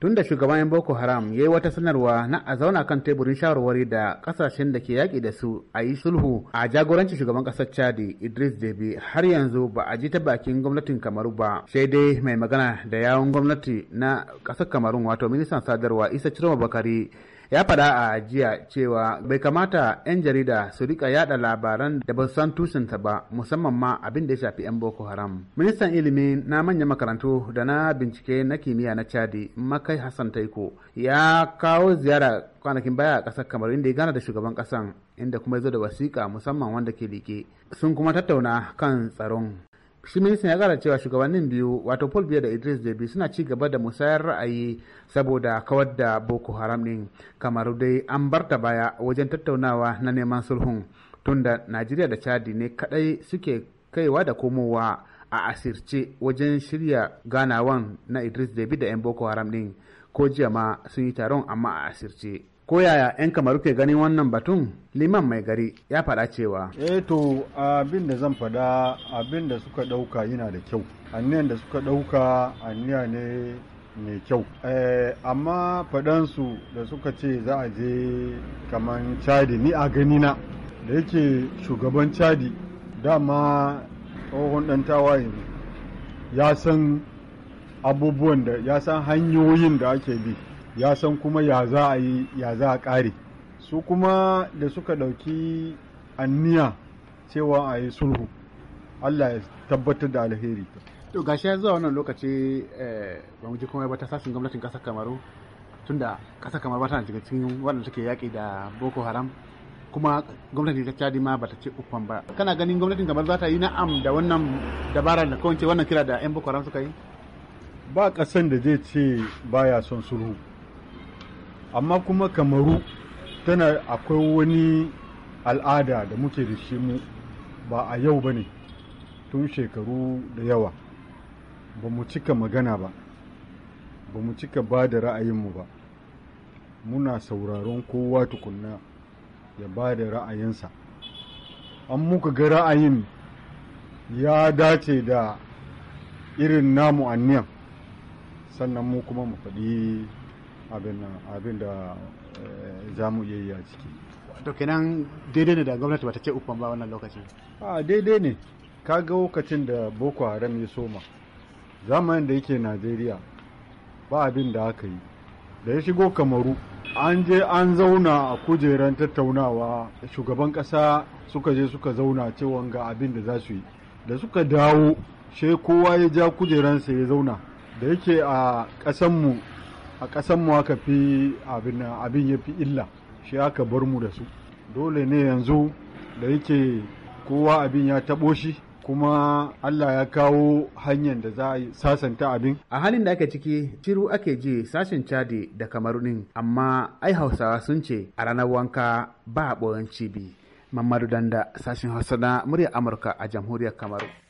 tun da shugaban boko haram ya yi wata sanarwa na a zauna kan teburin shawarwari da kasashen da ke yaƙi da su a yi sulhu a jagorancin shugaban ƙasar chadi idris debi har yanzu ba a ji ta bakin gwamnatin kamaru ba sai dai mai magana da yawon gwamnati na ƙasar kamarun wato ministan sadarwa isa cirma bakari ya faɗa a jiya cewa bai kamata 'yan jarida su rika yada labaran da ba san tushensa ba musamman ma abin da ya shafi 'yan boko haram ministan ilimi na manyan makarantu da na bincike na kimiyya na chadi makai hassan taiko ya kawo ziyara kwanakin baya a ƙasar kamar inda ya gana da shugaban ƙasan inda kuma ya zo da wasiƙa musamman wanda ke liƙe sun kuma tattauna kan tsaron shi ministan ya kara cewa shugabannin biyu wato paul biya da idris debi suna ci gaba da musayar ra'ayi saboda kawar da boko haram din kamar dai an bar ta baya wajen tattaunawa na neman sulhun tunda najeriya da chadi ne kadai suke kaiwa da komowa a asirce wajen shirya ganawan na idris debi da 'yan boko haram din ko jiya ma sun yi taron amma a asirce ko yaya 'yan kamaru ke ganin wannan batun liman mai gari ya faɗa cewa eh to abin da zan faɗa abin da suka ɗauka yana da kyau aniyan da suka ɗauka aniya ne mai kyau eh, amma faɗansu da suka ce za a je kamar chadi ni a ganina da yake shugaban chadi dama tsohon ɗan tawaye ya san abubuwan da ya san hanyoyin da ake bi ya san kuma ya za a yi ya za a ƙare su kuma da suka ɗauki anniya cewa a yi sulhu allah ya tabbatar da alheri to gashi ya zuwa wannan lokaci eh, ba mu ji komai ba ta sasin gwamnatin ƙasar kamaru tunda ƙasar kamaru ba tana daga cikin waɗanda suke yaƙi da boko haram kuma gwamnati ta cadi ma bata ce uffan ba kana ganin gwamnatin kamar za ta yi na'am da wannan dabara da kawance wannan kira da yan boko haram suka yi ba kasan da zai ce baya son sulhu amma kuma kamaru tana akwai wani al'ada da muke da shi mu ba a yau ba ne tun shekaru da yawa ba mu cika magana ba ba mu cika ba da ra'ayinmu ba muna sauraron kowa tukunna ya ba da ra'ayinsa an muka ga ra'ayin ya dace da irin namu anniyan sannan mu kuma mu faɗi abin da eh, za mu iya yi a ciki to kenan daidai ne da gwamnati ba ta ce ba wannan lokacin a daidai ne ka ga lokacin da boko haram ya soma zamanin da yake najeriya ba abin da aka yi da ya shigo kamaru an je an zauna a kujeran tattaunawa shugaban kasa suka je suka zauna cewa ga abin da za su yi da suka dawo sai kowa ya ja kujeransa ya zauna da yake a ƙasanmu a ƙasan mu aka fi abin ya fi illa shi aka bar mu da su dole ne yanzu da yake kowa abin ya taɓo shi kuma Allah ya kawo hanyar da za a sasanta abin. A halin da aka ciki, shiru ake ji sashen Chadi da Kamarunin, amma ai Hausawa sun ce a ranar wanka ba a cibi. Mamadu Danda, sashen Hausa na muryar Amurka a jamhuriyar Kamaru.